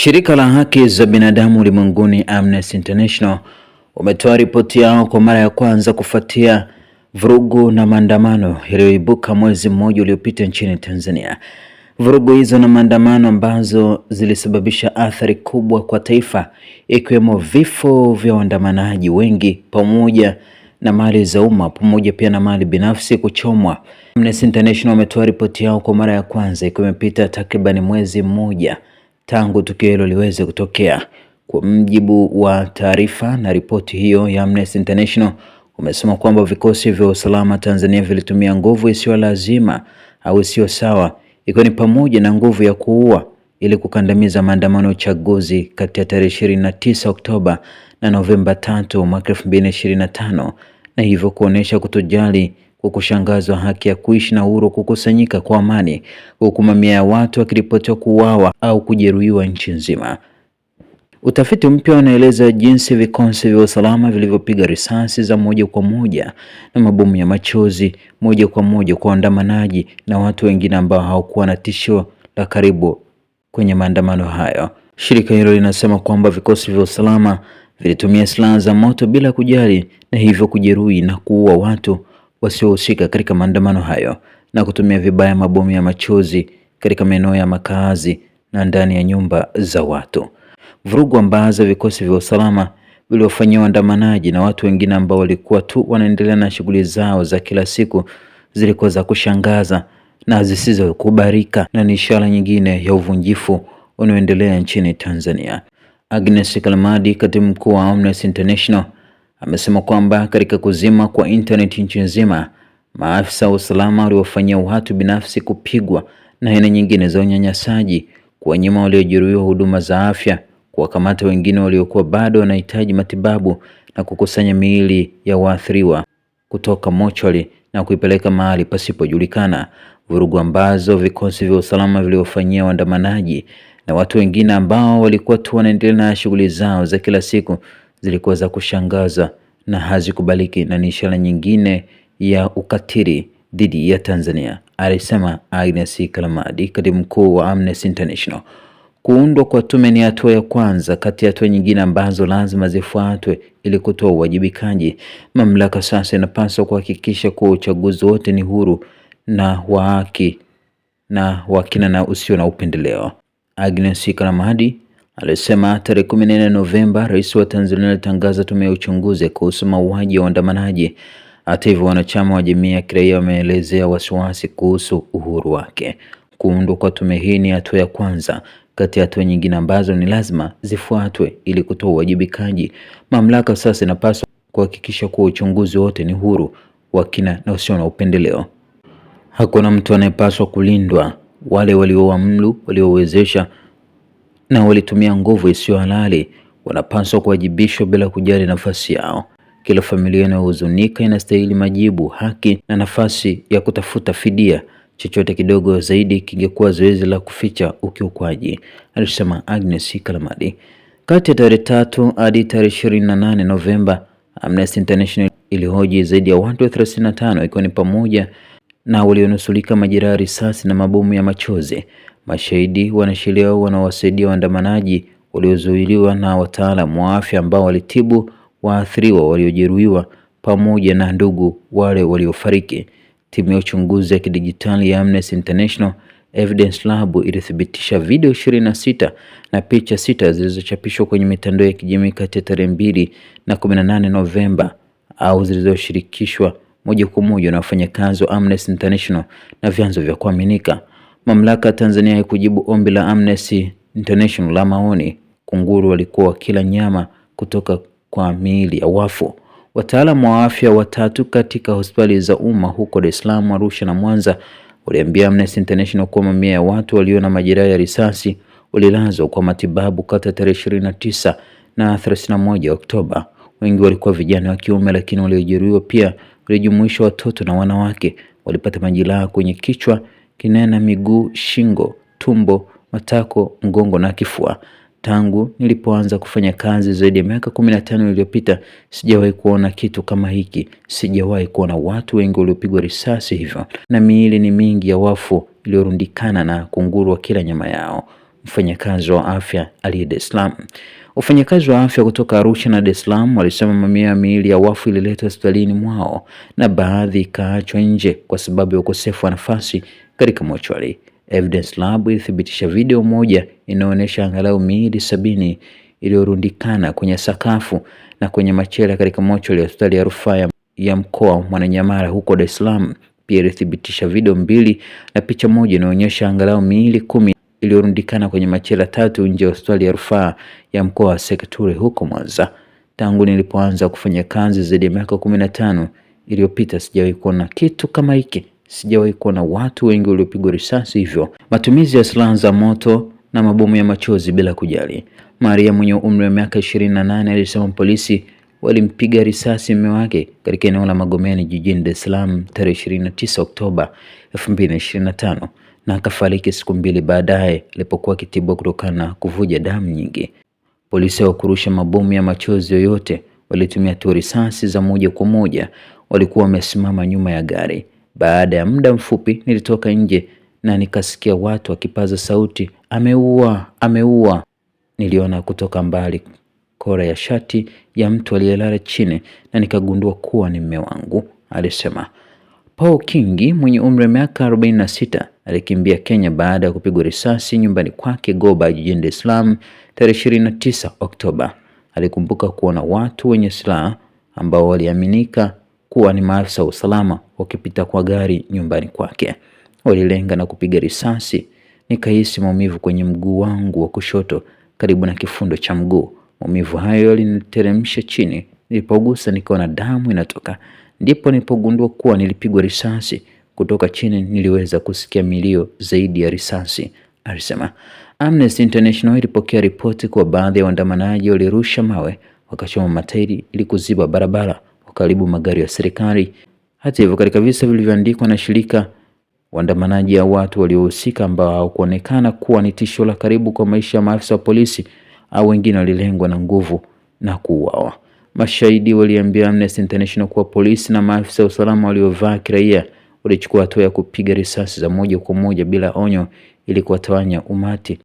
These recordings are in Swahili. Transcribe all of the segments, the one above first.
Shirika la haki za binadamu ulimwenguni Amnesty International umetoa ripoti yao kwa mara ya kwanza kufuatia vurugu na maandamano yaliyoibuka mwezi mmoja uliopita nchini Tanzania. Vurugu hizo na maandamano ambazo zilisababisha athari kubwa kwa taifa, ikiwemo vifo vya waandamanaji wengi pamoja na mali za umma pamoja pia na mali binafsi kuchomwa. Amnesty International wametoa ripoti yao kwa mara ya kwanza ikiwa imepita takribani mwezi mmoja tangu tukio hilo liweze kutokea. Kwa mjibu wa taarifa na ripoti hiyo ya Amnesty International umesema kwamba vikosi vya usalama Tanzania vilitumia nguvu isiyo lazima au isiyo sawa, ikiwa ni pamoja na nguvu ya kuua ili kukandamiza maandamano ya uchaguzi kati ya tarehe 29 Oktoba na Novemba 3 mwaka 2025 na hivyo kuonesha kutojali kwa kushangazwa haki ya kuishi na uhuru kukusanyika kwa amani, huku mamia ya watu wakiripotiwa kuuawa au kujeruhiwa nchi nzima. Utafiti mpya unaeleza jinsi vikosi vya usalama vilivyopiga risasi za moja kwa moja na mabomu ya machozi moja kwa moja kwa waandamanaji na watu wengine ambao hawakuwa na tishio la karibu kwenye maandamano hayo. Shirika hilo linasema kwamba vikosi vya usalama vilitumia silaha za moto bila kujali na hivyo kujeruhi na kuua watu wasiohusika katika maandamano hayo na kutumia vibaya mabomu ya machozi katika maeneo ya makaazi na ndani ya nyumba za watu. Vurugu ambazo vikosi vya usalama viliofanyia waandamanaji na watu wengine ambao walikuwa tu wanaendelea na shughuli zao za kila siku zilikuwa za kushangaza na zisizokubarika na ni ishara nyingine ya uvunjifu unaoendelea nchini Tanzania. Agnes Kalamadi, katibu mkuu wa Amnesty International amesema kwamba katika kuzima kwa internet nchi nzima, maafisa wa usalama waliwafanyia watu binafsi kupigwa na aina nyingine za unyanyasaji, kuwanyima waliojeruhiwa huduma za afya, kuwakamata wengine waliokuwa bado wanahitaji matibabu na kukusanya miili ya waathiriwa kutoka mochwali na kuipeleka mahali pasipojulikana, vurugu ambazo vikosi vya usalama viliofanyia waandamanaji na watu wengine ambao walikuwa tu wanaendelea na shughuli zao za kila siku zilikuwa za kushangaza na hazikubaliki na ni ishara nyingine ya ukatili dhidi ya Tanzania, alisema Agnes Kalamadi, katibu mkuu wa Amnesty International. Kuundwa kwa tume ni hatua ya kwanza kati ya hatua nyingine ambazo lazima zifuatwe ili kutoa uwajibikaji. Mamlaka sasa inapaswa kuhakikisha kuwa uchaguzi wote ni huru na wa haki na wa kina na usio na upendeleo. Agnes Kalamadi alisema tarehe 14 Novemba rais wa Tanzania alitangaza tume ya uchunguzi kuhusu mauaji ya waandamanaji. Hata hivyo, wanachama wa jamii ya kiraia wameelezea wasiwasi kuhusu uhuru wake. Kuundwa kwa tume hii ni hatua ya kwanza kati ya hatua nyingine ambazo ni lazima zifuatwe ili kutoa uwajibikaji. Mamlaka sasa inapaswa kuhakikisha kuwa uchunguzi wote ni huru, wa kina na usio na upendeleo. Hakuna mtu anayepaswa kulindwa. Wale waliowamlu waliowezesha na walitumia nguvu isiyo halali wanapaswa kuwajibishwa bila kujali nafasi yao. Kila familia inayohuzunika inastahili majibu, haki na nafasi ya kutafuta fidia. Chochote kidogo zaidi kingekuwa zoezi la kuficha ukiukwaji, alisema Agnes Kalamadi. Kati ya tarehe tatu hadi tarehe ishirini na nane Novemba, Amnesty International ilihoji zaidi ya watu 35 ikiwa ni pamoja na walionusulika majeraha risasi na mabomu ya machozi. Mashahidi, wanasheria wanaowasaidia wanawasaidia waandamanaji waliozuiliwa na wataalamu wa afya ambao walitibu waathiriwa waliojeruhiwa pamoja na ndugu wale waliofariki. Timu ya uchunguzi ya kidijitali ya Amnesty International Evidence Lab ilithibitisha video ishirini na sita na picha sita zilizochapishwa kwenye mitandao ya kijamii kati ya tarehe mbili na 18 Novemba au zilizoshirikishwa moja kwa moja na wafanyakazi wa Amnesty International na vyanzo vya kuaminika. Mamlaka ya Tanzania haikujibu ombi la Amnesty International la maoni. Kunguru walikuwa kila nyama kutoka kwa miili ya wafu. Wataalamu wa afya watatu katika hospitali za umma huko Dar es Salaam, Arusha na Mwanza waliambia Amnesty International kuwa mamia ya watu walio na majeraha ya risasi walilazwa kwa matibabu kati ya tarehe 29 na 31 Oktoba. Wengi walikuwa vijana wa kiume, lakini waliojeruhiwa pia walijumuisha watoto na wanawake. Walipata majeraha kwenye kichwa, kinena miguu, shingo, tumbo, matako, mgongo na kifua. Tangu nilipoanza kufanya kazi zaidi ya miaka kumi na tano iliyopita, sijawahi kuona kitu kama hiki. Sijawahi kuona watu wengi waliopigwa risasi hivyo, na miili ni mingi ya wafu iliyorundikana na kungurwa kila nyama yao. Mfanyakazi wa afya aliye Dar es Salaam. Wafanyakazi wa afya kutoka Arusha na Dar es Salaam walisema mamia ya miili ya wafu ililetwa hospitalini mwao na baadhi ikaachwa nje kwa sababu ya ukosefu wa nafasi katika mochwari. Evidence Lab ilithibitisha video moja inayoonyesha angalau miili sabini iliyorundikana kwenye sakafu na kwenye machela katika mochwari ya hospitali ya rufaa ya mkoa Mwananyamala huko Dar es Salaam. Pia ilithibitisha video mbili na picha moja inaonyesha angalau miili kumi iliyorundikana kwenye machela tatu nje ya hospitali ya rufaa ya mkoa wa Seketule huko Mwanza. Tangu nilipoanza kufanya kazi zaidi ya miaka kumi na tano iliyopita sijawahi kuona kitu kama hiki sijawahi kuona watu wengi waliopigwa risasi hivyo. Matumizi ya silaha za moto na mabomu ya machozi bila kujali. Maria mwenye umri wa miaka 28 alisema polisi walimpiga risasi mume wake katika eneo la Magomeni jijini Dar es Salaam tarehe 29 Oktoba 2025 na akafariki siku mbili baadaye alipokuwa akitibwa kutokana na kuvuja damu nyingi. Polisi hawakurusha mabomu ya machozi yoyote, walitumia tu risasi za moja kwa moja. Walikuwa wamesimama nyuma ya gari. Baada ya muda mfupi nilitoka nje na nikasikia watu wakipaza sauti, ameua, ameua. Niliona kutoka mbali kora ya shati ya mtu aliyelala chini na nikagundua kuwa ni mume wangu. Alisema Paul Kingi mwenye umri wa miaka 46 alikimbia Kenya baada ya kupigwa risasi nyumbani kwake Goba jijini Dar es Salaam tarehe 29 Oktoba. Alikumbuka kuona watu wenye silaha ambao waliaminika kuwa ni maafisa wa usalama wakipita kwa gari nyumbani kwake. Walilenga na kupiga risasi. Nikahisi maumivu kwenye mguu wangu wa kushoto karibu na kifundo cha mguu. Maumivu hayo yaliniteremsha chini. Nilipogusa nikaona damu inatoka, ndipo nilipogundua kuwa nilipigwa risasi kutoka chini. Niliweza kusikia milio zaidi ya risasi, alisema. Amnesty International ilipokea ripoti kuwa baadhi ya waandamanaji walirusha mawe, wakachoma matairi ili kuziba barabara karibu magari ya serikali. Hata hivyo, katika visa vilivyoandikwa na shirika, waandamanaji ya watu waliohusika ambao hawakuonekana kuwa ni tisho la karibu kwa maisha ya maafisa wa polisi au wengine walilengwa na nguvu na kuuawa. Mashahidi waliambia Amnesty International kuwa polisi na maafisa wa usalama waliovaa kiraia walichukua hatua ya kupiga risasi za moja kwa moja bila onyo ili kuwatawanya umati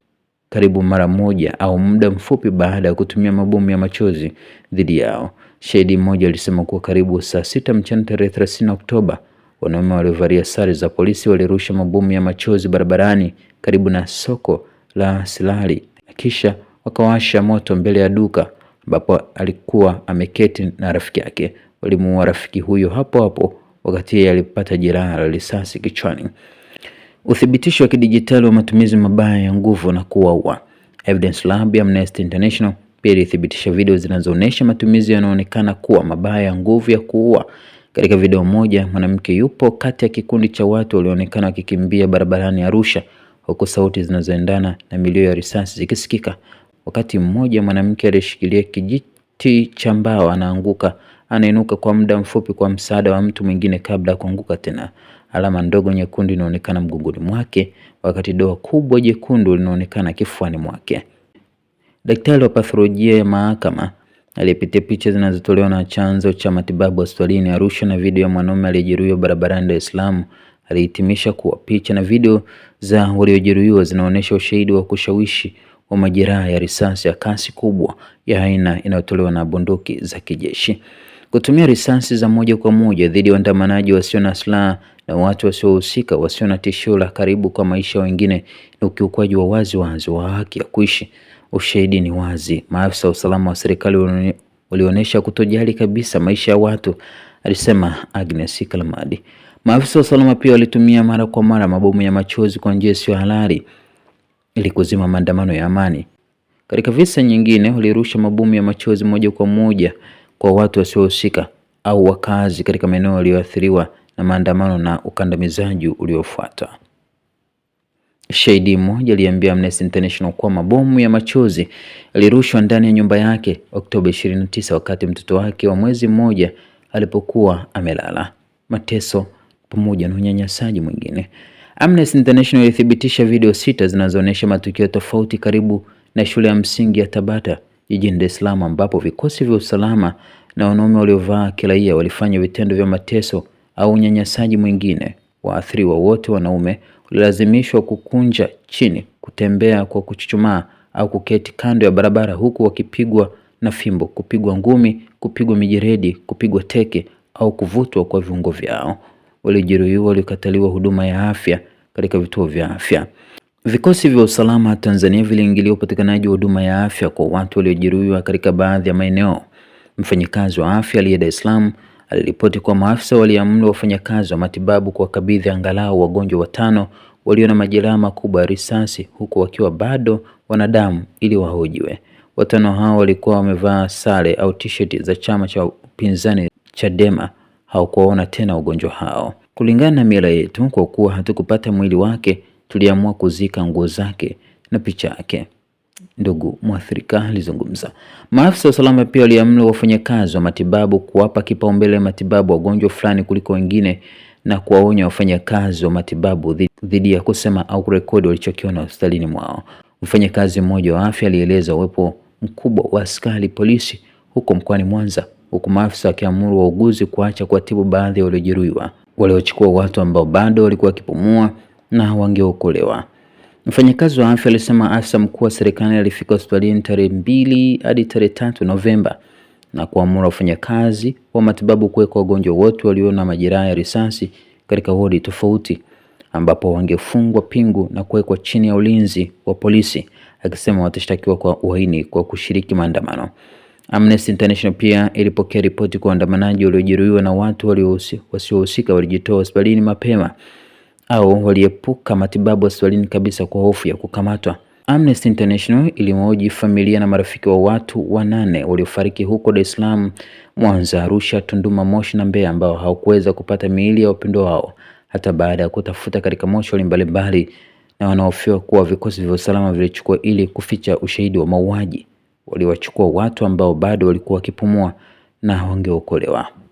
karibu mara moja au muda mfupi baada ya kutumia mabomu ya machozi dhidi yao. Shahidi mmoja alisema kuwa karibu saa sita mchana tarehe 30 Oktoba, wanaume waliovalia sare za polisi walirusha mabomu ya machozi barabarani karibu na soko la Silali na kisha wakawasha moto mbele ya duka ambapo alikuwa ameketi na rafiki yake. Walimuua rafiki huyo hapo hapo wakati yeye alipata jeraha la risasi kichwani. Uthibitisho wa kidijitali wa matumizi mabaya ya nguvu na kuwaua. Evidence Lab ya Amnesty International pia ilithibitisha video zinazoonyesha matumizi yanaonekana kuwa mabaya ya nguvu ya kuua. Katika video moja, mwanamke yupo kati ya kikundi cha watu walioonekana wakikimbia barabarani Arusha, huku sauti zinazoendana na milio ya risasi zikisikika. Wakati mmoja, mwanamke aliyeshikilia kijiti cha mbao anaanguka, anainuka kwa muda mfupi kwa msaada wa mtu mwingine kabla ya kuanguka tena. Alama ndogo nyekundu inaonekana mgongoni mwake, wakati doa kubwa jekundu linaonekana kifuani mwake. Daktari wa patholojia ya mahakama aliyepitia picha zinazotolewa na chanzo cha matibabu hospitalini Arusha na video ya mwanaume aliyejeruhiwa barabarani Dar es Salaam alihitimisha kuwa picha na video za waliojeruhiwa zinaonyesha ushahidi wa kushawishi wa majeraha ya risasi ya kasi kubwa ya aina inayotolewa na bunduki za kijeshi. Kutumia risasi za moja kwa moja dhidi ya waandamanaji wasio na silaha na watu wasiohusika wasio na tishio la karibu kwa maisha wengine ni ukiukwaji wa wazi wazi wa haki ya kuishi. Ushahidi ni wazi, maafisa wa usalama wa serikali walionyesha kutojali kabisa maisha ya watu, alisema Agnes Kalamadi. Maafisa wa usalama pia walitumia mara kwa mara mabomu ya machozi kwa njia isiyo halali ili kuzima maandamano ya amani. Katika visa nyingine, walirusha mabomu ya machozi moja kwa moja kwa watu wasiohusika au wakazi katika maeneo yaliyoathiriwa na maandamano na ukandamizaji uliofuata. Shahidi mmoja aliambia Amnesty International kuwa mabomu ya machozi yalirushwa ndani ya nyumba yake Oktoba 29 wakati mtoto wake wa mwezi mmoja alipokuwa amelala. Mateso pamoja na unyanyasaji mwingine. Amnesty International ilithibitisha video sita zinazoonyesha matukio tofauti karibu na shule ya msingi ya Tabata jijini Dar es Salaam ambapo vikosi vya usalama na wanaume waliovaa kiraia walifanya vitendo vya mateso au unyanyasaji mwingine. Waathiriwa wote wanaume Walilazimishwa kukunja chini, kutembea kwa kuchuchumaa au kuketi kando ya barabara huku wakipigwa na fimbo, kupigwa ngumi, kupigwa mijeredi, kupigwa teke au kuvutwa kwa viungo vyao. Waliojeruhiwa walikataliwa huduma ya afya katika vituo vya afya. Vikosi vya usalama Tanzania viliingilia upatikanaji wa huduma ya afya kwa watu waliojeruhiwa katika baadhi ya maeneo. Mfanyikazi wa afya aliye Dar es Salaam aliripoti kuwa maafisa waliamuru wafanyakazi wa matibabu kuwakabidhi angalau wagonjwa watano walio na majeraha makubwa ya risasi huku wakiwa bado wanadamu ili wahojiwe. Watano hao walikuwa wamevaa sare au tisheti za chama cha upinzani Chadema. hawakuwaona tena wagonjwa hao. Kulingana na mila yetu, kwa kuwa hatukupata mwili wake, tuliamua kuzika nguo zake na picha yake ndugu mwathirika alizungumza. Maafisa wa usalama pia waliamuru wafanyakazi wa matibabu kuwapa kipaumbele matibabu wagonjwa fulani kuliko wengine na kuwaonya wafanyakazi wa matibabu dhidi ya kusema au kurekodi walichokiona hospitalini mwao. Mfanyakazi mmoja wa afya alieleza uwepo mkubwa wa askari polisi huko mkoani Mwanza, huku maafisa wakiamuru wauguzi kuacha kuwatibu baadhi ya waliojeruhiwa, waliochukua watu ambao bado walikuwa wakipumua na wangeokolewa. Mfanyakazi wa afya alisema afisa mkuu wa serikali alifika hospitalini tarehe mbili hadi tarehe tatu Novemba na kuamuru wafanyakazi wa matibabu kuweka wagonjwa wote walio na majeraha ya risasi katika wodi tofauti ambapo wangefungwa pingu na kuwekwa chini ya ulinzi wa polisi, akisema watashtakiwa kwa uhaini kwa kushiriki maandamano. Amnesty International pia ilipokea ripoti kwa waandamanaji waliojeruhiwa na watu wasiohusika walijitoa hospitalini mapema au waliepuka matibabu hospitalini kabisa kwa hofu ya kukamatwa. Amnesty International ilimhoji familia na marafiki wa watu wanane waliofariki huko Dar es Salaam, Mwanza, Arusha, Tunduma, Moshi na Mbeya ambao hawakuweza kupata miili ya wapendo wao hata baada ya kutafuta katika moshari mbalimbali na wanaofiwa kuwa vikosi vya usalama vilichukua ili kuficha ushahidi wa mauaji. Waliwachukua watu ambao bado walikuwa wakipumua na wangeokolewa.